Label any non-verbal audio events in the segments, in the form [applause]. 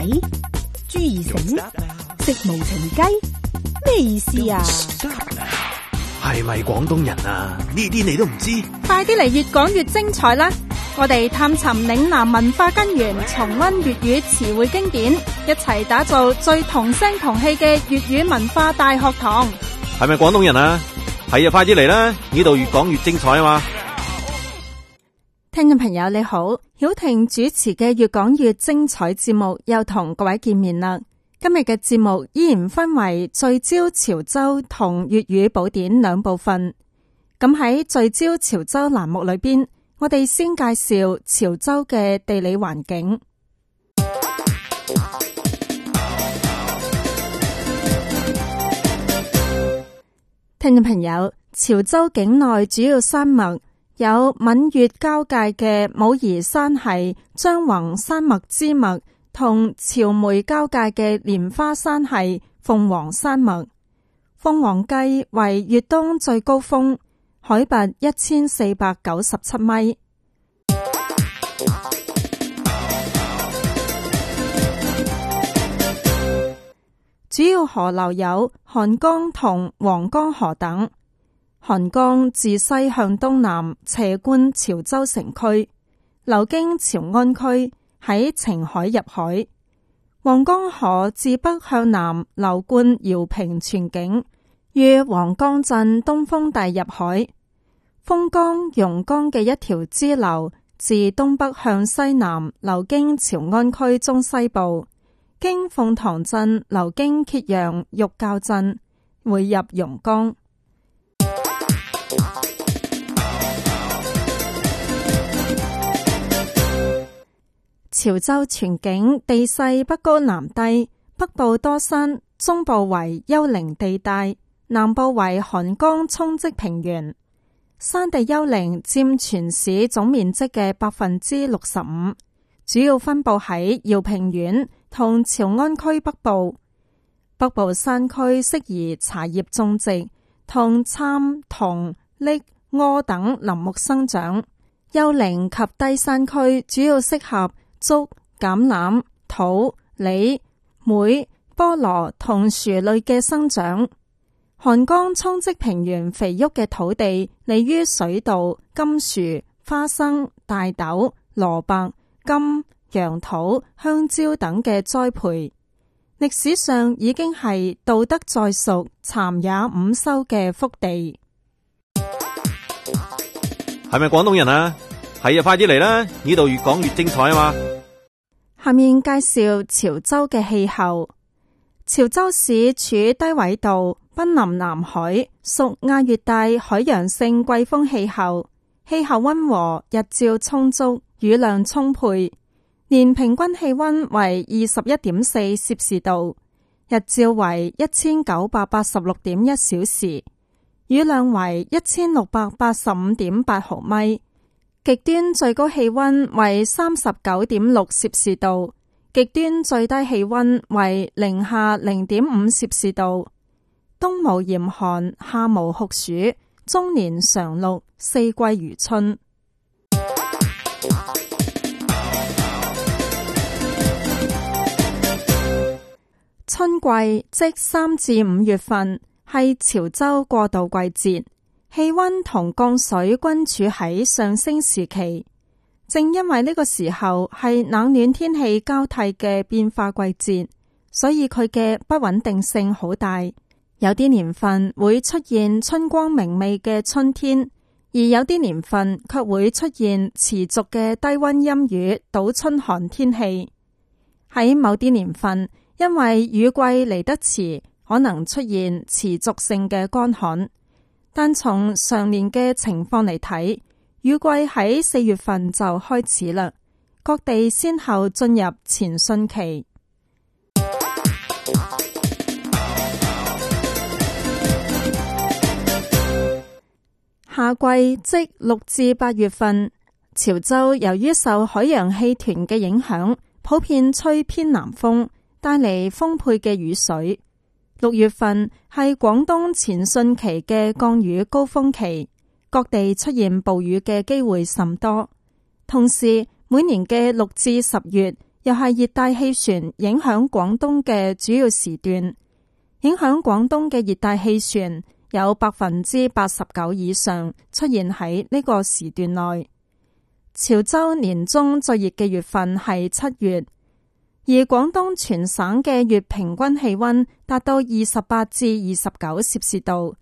仔朱二嬸食無情雞咩意思啊？係咪廣東人啊？呢啲你都唔知？快啲嚟，越講越精彩啦！我哋探尋嶺南文化根源，重溫粵語詞彙經典，一齊打造最同聲同氣嘅粵語文化大學堂。係咪廣東人啊？係啊，快啲嚟啦！呢度越講越精彩啊嘛！聽眾朋友你好，曉婷主持嘅越講越精彩節目又同各位見面啦。今日嘅節目依然分為聚焦潮，潮州同粵語寶典兩部分。咁喺聚焦潮州欄目裏邊，我哋先介紹潮州嘅地理環境。 [music] 聽眾朋友，潮州境內主要山脈。有閩粵交界嘅武夷山系張橫山脈之脈，同潮梅交界嘅蓮花山系鳳凰山脈。鳳凰髻為粵東最高峰，海拔一千四百九十七米。 [music] 主要河流有韓江同黃岡河等。韓江自西向東南斜觀潮州城區，流經潮安區，喺澄海入海。黃江河自北向南流貫饒平全境，於黃江鎮東風大入海。楓江，榕江嘅一條支流，自東北向西南流經潮安區中西部，經鳳塘鎮，流經揭陽玉滘鎮，匯入榕江。潮州全境地勢北高南低，北部多山，中部為丘陵地帶，南部為韓江沖積平原。山地丘陵佔全市總面積嘅百分之六十五，主要分布喺饒平縣同潮安區北部。北部山區適宜茶葉種植同參、同參。同栗、柯等林木生長，丘陵及低山區主要適合竹、橄欖、土李、梅、菠蘿同薯類嘅生長。韓江沖積平原肥沃嘅土地，利於水稻、甘薯、花生、大豆、蘿蔔、柑、楊桃、香蕉等嘅栽培。歷史上已經係稻得再熟，蠶也五收嘅福地。係咪廣東人啊？係啊，快啲嚟啦！呢度越講越精彩啊嘛！下面介紹潮州嘅氣候。潮州市處低緯度，瀕臨南海，屬亞熱帶海洋性季風氣候，氣候温和，日照充足，雨量充沛，年平均氣温為二十一點四攝氏度，日照為一千九百八十六點一小時。雨量為一千六百八十五點八毫米，極端最高氣溫為三十九點六攝氏度，極端最低氣溫為零下零點五攝氏度。冬無嚴寒，夏無酷暑，終年常綠，四季如春。 [music] 春季，即三至五月份。係潮州過渡季節，氣溫同降水均處喺上升時期。正因為呢個時候係冷暖天氣交替嘅變化季節，所以佢嘅不穩定性好大。有啲年份會出現春光明媚嘅春天，而有啲年份卻會出現持續嘅低溫陰雨、倒春寒天氣。喺某啲年份，因為雨季嚟得遲。可能出現持續性嘅乾旱，但從上年嘅情況嚟睇，雨季喺四月份就開始啦。各地先後進入前汛期。 [music] 夏季即六至八月份，潮州由於受海洋氣團嘅影響，普遍吹偏南風，帶嚟豐沛嘅雨水。六月份係廣東前汛期嘅降雨高峰期，各地出現暴雨嘅機會甚多。同時，每年嘅六至十月又係熱帶氣旋影響廣東嘅主要時段。影響廣東嘅熱帶氣旋有百分之八十九以上出現喺呢個時段內。潮州年中最熱嘅月份係七月。而廣東全省嘅月平均氣溫達到二十八至二十九攝氏度，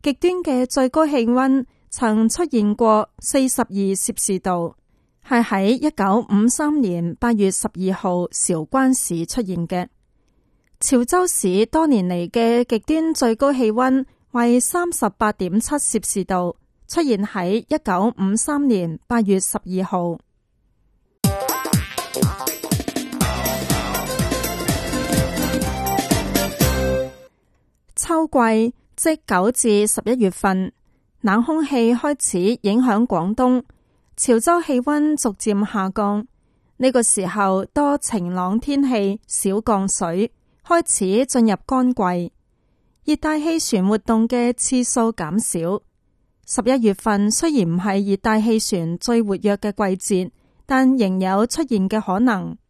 極端嘅最高氣溫曾出現過四十二攝氏度，係喺一九五三年八月十二號韶關市出現嘅。潮州市多年嚟嘅極端最高氣溫為三十八點七攝氏度，出現喺一九五三年八月十二號。秋季即九至十一月份，冷空氣開始影響廣東，潮州氣溫逐漸下降。呢個時候多晴朗天氣，少降水，開始進入乾季。熱帶氣旋活動嘅次數減少。十一月份雖然唔係熱帶氣旋最活躍嘅季節，但仍有出現嘅可能。 [music]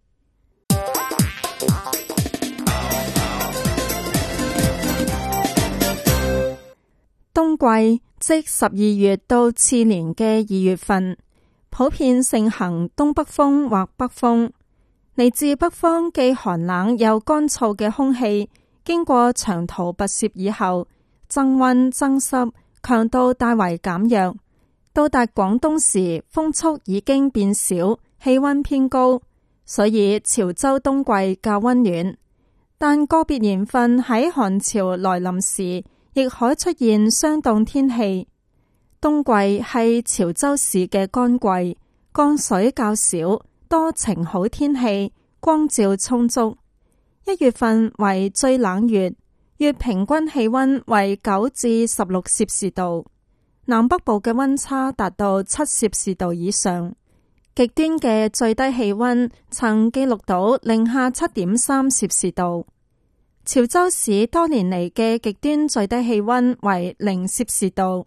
冬季即十二月到次年嘅二月份，普遍盛行東北風或北風。嚟自北方既寒冷又乾燥嘅空氣，經過長途跋涉以後，增溫增濕，強度大為減弱。到達廣東時，風速已經變小，氣溫偏高，所以潮州冬季較溫暖。但個別年份喺寒潮來臨時，亦可出現霜凍天氣。冬季係潮州市嘅乾季，降水較少，多晴好天氣，光照充足。一月份為最冷月，月平均氣溫為九至十六攝氏度，南北部嘅溫差達到七攝氏度以上，極端嘅最低氣溫曾記錄到零下七點三攝氏度。潮州市多年嚟嘅極端最低氣溫為零攝氏度。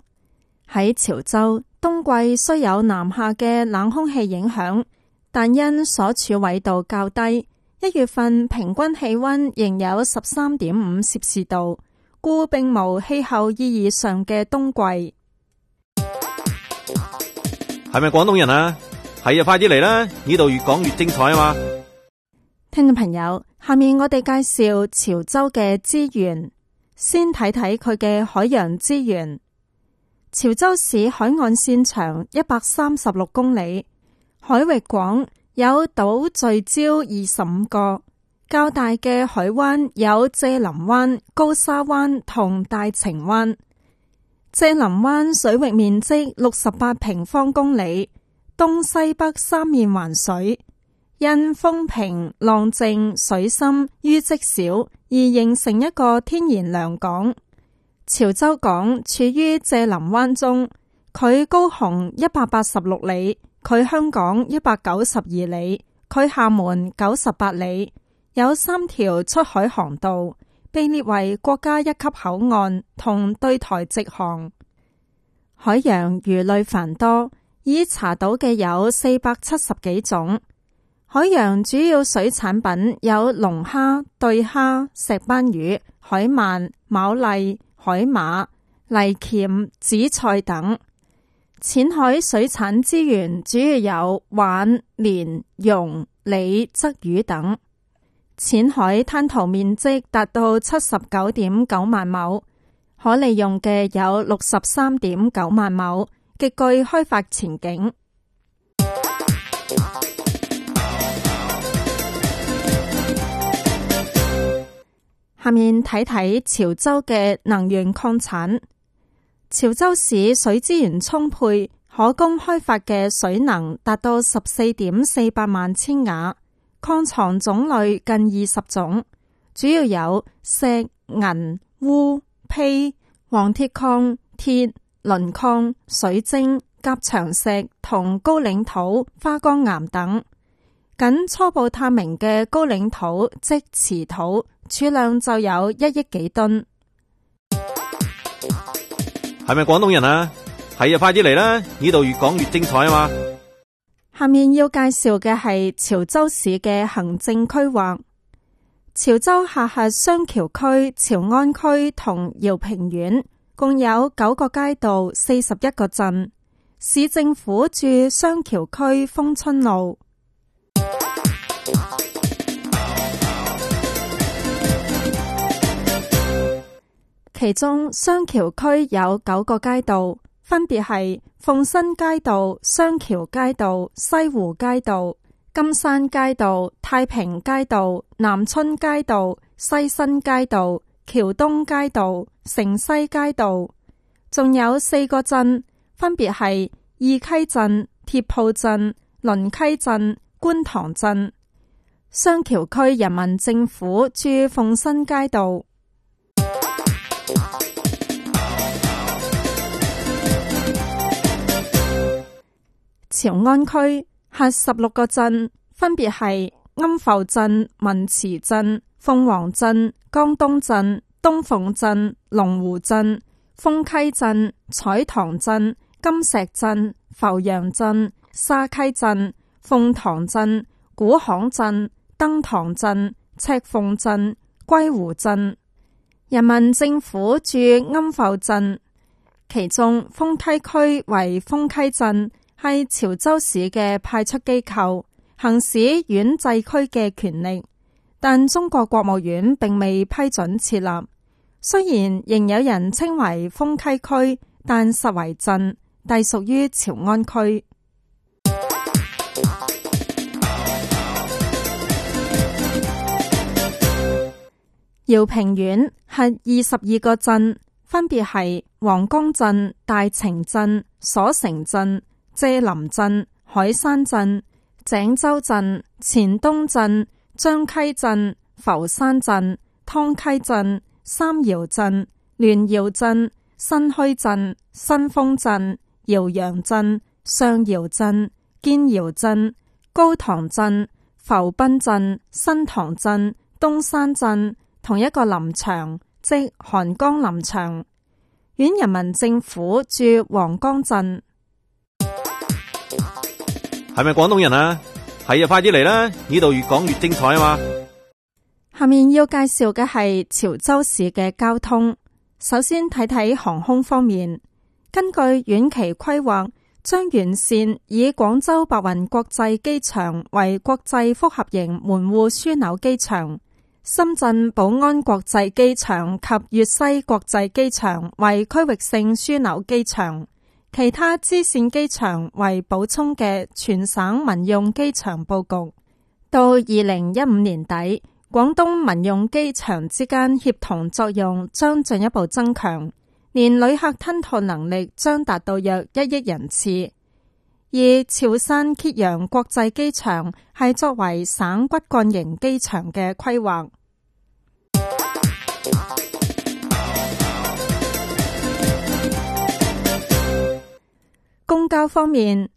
喺潮州，冬季雖有南下嘅冷空氣影響，但因所處緯度較低，一月份平均氣溫仍有十三點五攝氏度，故並無氣候意義上嘅冬季。係咪廣東人啊？係啊，快啲嚟啦！呢度越講越精彩啊嘛！聽眾朋友。下面我哋介紹潮州嘅資源，先睇睇佢嘅海洋資源。潮州市海岸線長一百三十六公里，海域廣，有島聚礁二十五個，較大嘅海灣有柘林灣、高沙灣同大埕灣。柘林灣水域面積六十八平方公里，東西北三面環水。因風平浪靜、水深淤積少，而形成一個天然良港。潮州港處於柘林灣中，距高雄一百八十六里，距香港一百九十二里，距廈門九十八里，有三條出海航道，被列為國家一級口岸，同對台直航。海洋魚類繁多，已查到嘅有四百七十幾種。海洋主要水產品有龍蝦、對蝦、石斑魚、海鰻、牡蠣、海馬、泥鉗、紫菜等。淺海水產資源主要有皖、連、蓉、鯉、鯽魚等。淺海灘塗面積達到七十九點九萬畝，可利用嘅有六十三點九萬畝，極具開發前景。下面睇睇潮州嘅能源礦產。潮州市水資源充沛，可供開發嘅水能達到十四點四八萬千瓦。礦藏種類近二十種，主要有石、銀、鎢、砒、黃鐵礦、鐵、磷礦、水晶、甲長石同高嶺土、花崗岩等。僅初步探明嘅高嶺土即瓷土儲量就有一億幾噸，係咪廣東人啊？係啊，快啲嚟啦！呢度越講越精彩啊嘛！下面要介紹嘅係潮州市嘅行政區劃。潮州下轄湘橋區、潮安區同饒平縣，共有九個街道、四十一個鎮。市政府駐湘橋區楓春路。其中湘橋區有九個街道，分別係鳳新街道、湘橋街道、西湖街道、金山街道、太平街道、南春街道、西新街道、橋東街道、城西街道，仲有四個鎮，分別係意溪鎮、鐵鋪鎮、磷溪鎮、官塘鎮。湘橋區人民政府駐鳳新街道。潮安區下十六個鎮，分別係庵埠鎮、文祠鎮、鳳凰鎮、江東鎮、東鳳鎮、龍湖鎮、豐溪鎮、彩塘鎮、金石鎮、浮洋鎮、沙溪鎮、鳳塘鎮、古巷鎮、登塘鎮、赤鳳鎮、歸湖鎮。人民政府駐庵埠鎮，其中豐溪區為豐溪鎮。係潮州市嘅派出機構，行使縣制區嘅權力，但中國國務院並未批准設立。雖然仍有人稱為楓溪區，但實為鎮，隸屬於潮安區。饒 [music] 平縣係二十二個鎮，分別係黃岡鎮、大埕鎮、所城鎮。謝林鎮、海山鎮、井州鎮、前東鎮、張溪鎮、浮山鎮、湯溪鎮、三饒鎮、聯饒鎮、新墟鎮、新豐鎮、饒陽鎮、上饒鎮、堅饒鎮、高塘鎮、浮濱鎮、新塘鎮、東山鎮同一個林場，即韓江林場。縣人民政府駐黃岡鎮。係咪廣東人啊？係啊，快啲嚟啦！呢度越講越精彩啊嘛！下面要介紹嘅係潮州市嘅交通。首先睇睇航空方面，根據遠期規劃，將完善以廣州白雲國際機場為國際複合型門戶樞紐機場，深圳寶安國際機場及粵西國際機場為區域性樞紐機場。其他支線機場為補充嘅全省民用機場佈局，到二零一五年底，廣東民用機場之間協同作用將進一步增強，年旅客吞吐能力將達到約一億人次。而潮汕揭陽國際機場係作為省骨幹型機場嘅規劃。公交方面，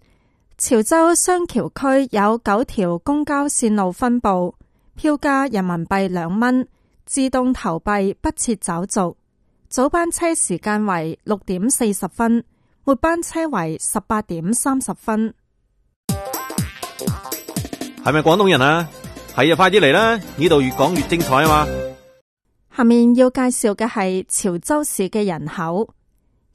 潮州雙湘橋區有九條公交線路分布，票價人民幣兩蚊，自動投幣不設找續。早班車時間為六點四十分，末班車為十八點三十分。係咪廣東人啊？係啊，快啲嚟啦！呢度越講越精彩啊嘛！下面要介紹嘅係潮州市嘅人口。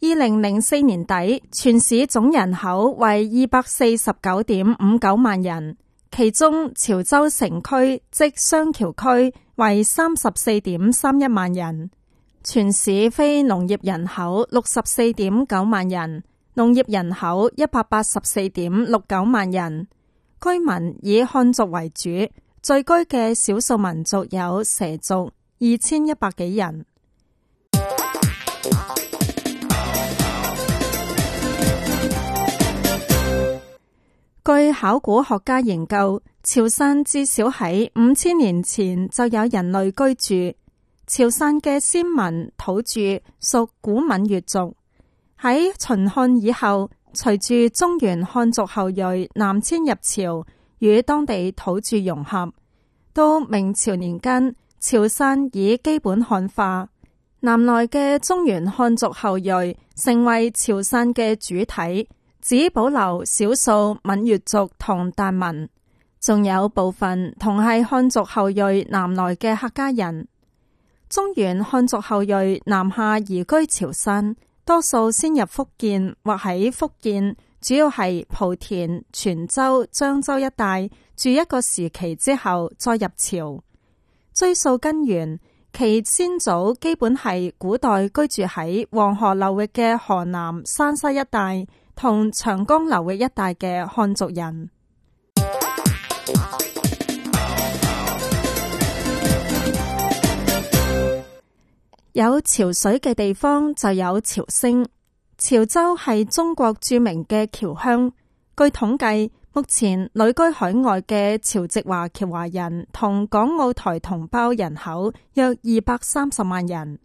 二零零四年底，全市總人口為二百四十九點五九萬人，其中潮州城區即雙橋區為三十四點三一萬人。全市非農業人口六十四點九萬人，農業人口一百八十四點六九萬人。居民以漢族為主，聚居嘅少數民族有畲族二千一百幾人。據考古學家研究，潮汕至少喺五千年前就有人類居住。潮汕嘅先民土著屬古閩越族，喺秦漢以後，隨住中原漢族後裔南遷入潮，與當地土著融合。到明朝年間，潮汕已基本漢化，南來嘅中原漢族後裔成為潮汕嘅主體。.只保留少數閩越族同疍民，仲有部分同係漢族後裔南來嘅客家人。中原漢族後裔南下移居潮汕，多數先入福建或喺福建，主要係莆田、泉州、漳州一帶住一個時期之後再入潮。追溯根源，其先祖基本係古代居住喺黃河流域嘅河南、山西一帶。同長江流域一帶嘅漢族人， [music] 有潮水嘅地方就有潮聲。潮州係中國著名嘅僑鄉。據統計，目前旅居海外嘅潮籍華僑華人同港澳台同胞人口約二百三十萬人。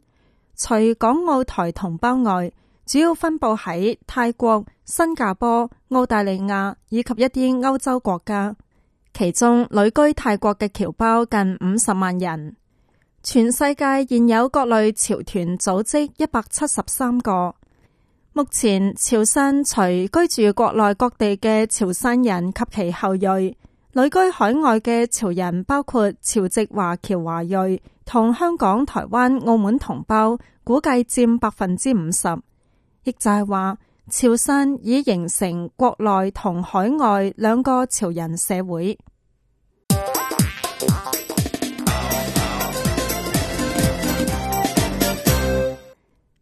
除港澳台同胞外，主要分佈喺泰國、新加坡、澳大利亞以及一啲歐洲國家，其中旅居泰國嘅僑胞近五十萬人。全世界現有各類潮團組織一百七十三個。目前，潮汕除居住國內各地嘅潮汕人及其後裔，旅居海外嘅潮人包括潮籍華僑華裔同香港、台灣、澳門同胞，估計佔百分之五十。亦就係話，潮汕已形成國內同海外兩個潮人社會。 [noise]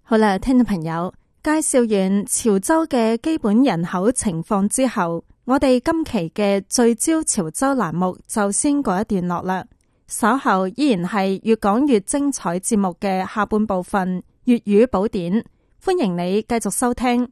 好啦，聽眾朋友，介紹完潮州嘅基本人口情況之後，我哋今期嘅聚焦潮州欄目就先告一段落啦。稍後依然係越講越精彩節目嘅下半部分，粵語寶典。歡迎你繼續收聽。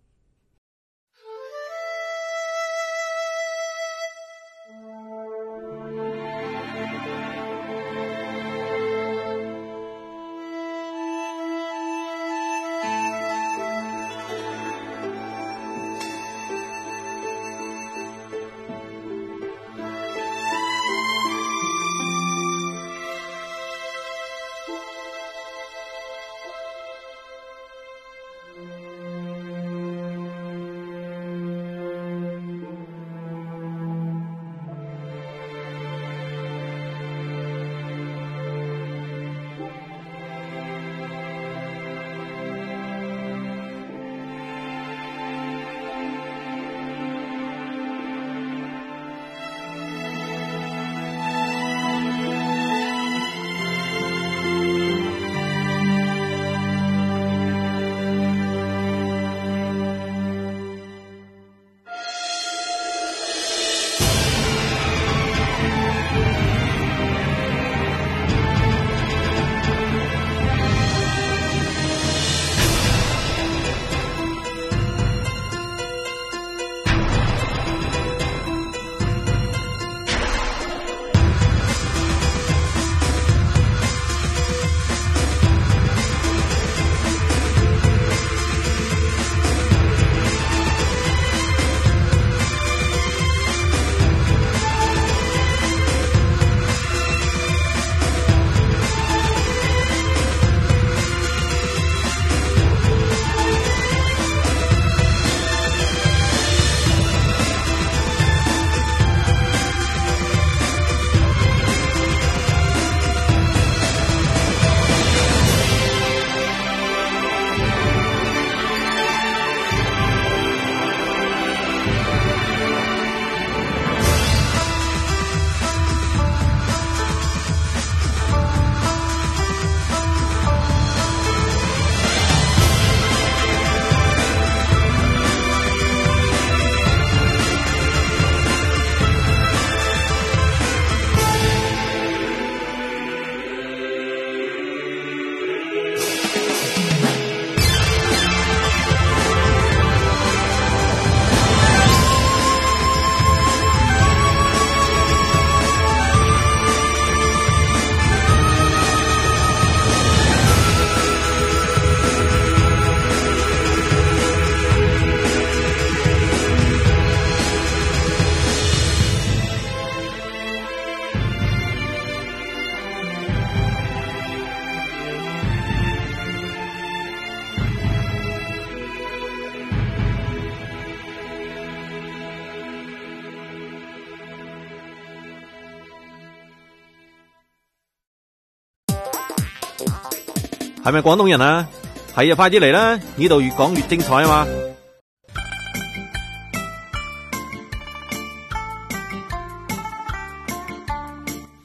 係咪廣東人啊？係啊，快啲嚟啦！呢度越講越精彩啊嘛！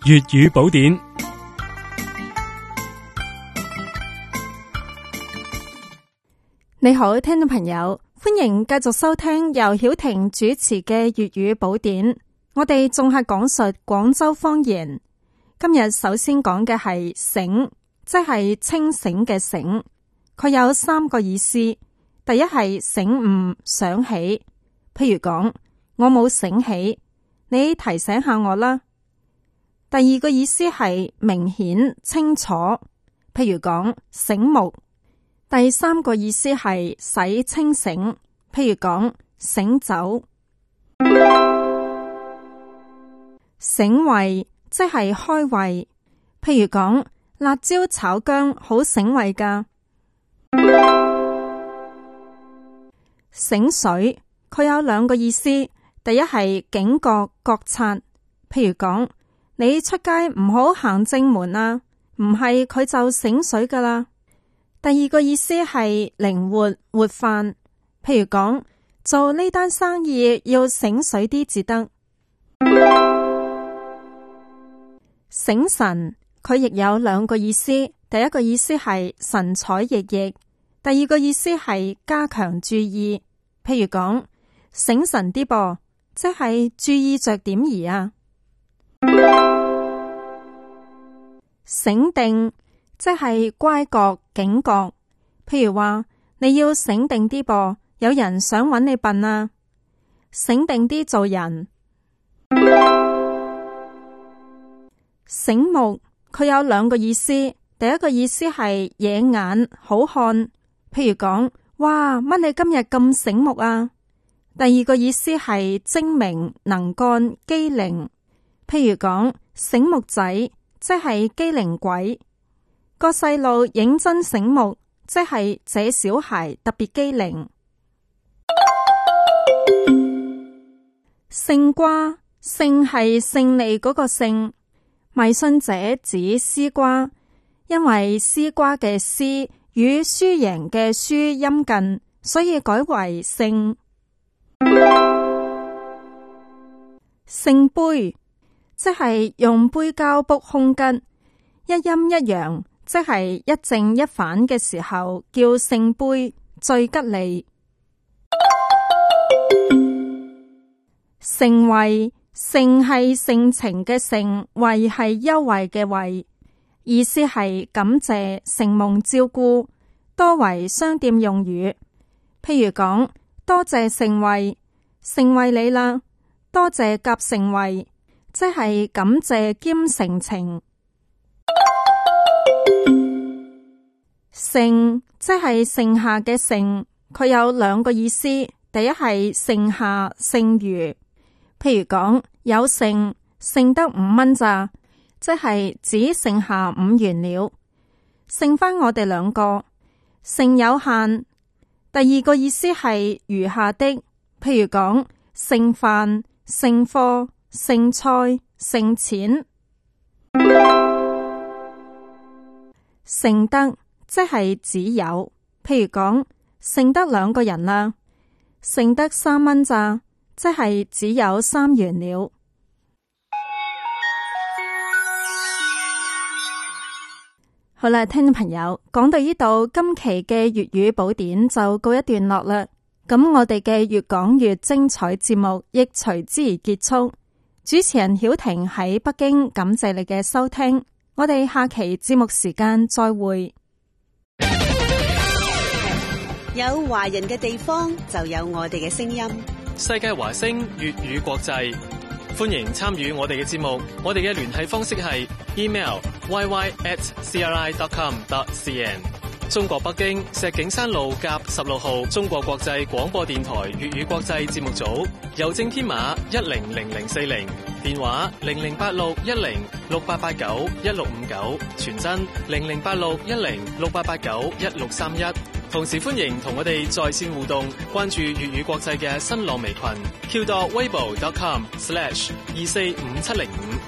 粵語寶典，你好，聽眾朋友，歡迎繼續收聽由曉婷主持嘅粵語寶典。我哋仲係講述廣州方言。今日首先講嘅係醒。即係清醒嘅醒，佢有三個意思。第一係醒悟、想起，譬如講我冇醒起，你提醒下我啦。第二個意思係明顯清楚，譬如講醒目。第三個意思係使清醒，譬如講醒酒、醒胃，即係開胃，譬如講。辣椒炒薑好醒胃噶， [noise] 醒水佢有兩個意思，第一係警覺覺察，譬如講你出街唔好行正門啦、啊，唔係佢就醒水噶啦。第二個意思係靈活活泛，譬如講做呢單生意要醒水啲至得， [noise] 醒神。佢亦有兩個意思，第一個意思係神采奕奕，第二個意思係加強注意。譬如講醒神啲噃，即係注意着點啊。 [music] 醒定即係乖覺警覺。譬如話你要醒定啲噃，有人想揾你笨啊，醒定啲做人。 [music] 醒目。佢有兩個意思，第一個意思係野眼好看，譬如講，哇，乜你今日咁醒目啊？第二個意思係精明、能幹、機靈，譬如講醒目仔，即係機靈鬼。個細路認真醒目，即係這小孩特別機靈。勝瓜勝係勝利嗰個勝。迷信者指絲瓜，因為絲瓜嘅絲與輸贏嘅輸音近，所以改為聖。聖杯，即係用杯珓卜凶吉，一陰一陽，即係一正一反嘅時候叫聖杯最吉利，成為。盛係盛情嘅盛，惠係優惠嘅惠，意思係感謝承蒙照顧，多為商店用語。譬如講多謝盛惠，盛惠你啦，多謝夾盛惠，即係感謝兼盛情。剩 [noise] 」即係剩下嘅剩，佢有兩個意思，第一係剩下剩餘。譬如講有剩，剩得五蚊咋，即係只剩下五元了，剩返我哋兩個，剩有限。第二個意思係餘下的，譬如講剩飯、剩貨、剩菜、剩錢。剩得即係只有，譬如講剩得兩個人啦，剩得三蚊咋。即係只有三元了。 [noise] 好啦，聽眾朋友，講到呢度，今期嘅粵語寶典就告一段落啦。咁我哋嘅粵講粵精彩節目亦隨之而結束。主持人曉婷喺北京，感謝你嘅收聽。我哋下期節目時間再會。有華人嘅地方就有我哋嘅聲音。世界華聲粵語國際，歡迎參與我哋嘅節目。我哋嘅聯繫方式係 email yy at cri.com.cn。中國北京石景山路甲十六號，中國國際廣播電台粵語國際節目組。郵政編碼一零零零四零，電話零零八六一零六八八九一六五九，傳真零零八六一零六八八九一六三一。同時歡迎同我哋在線互動關注粵語國際嘅新浪微群，q d o w e i d o t c o m s l a s h 二四五七零五。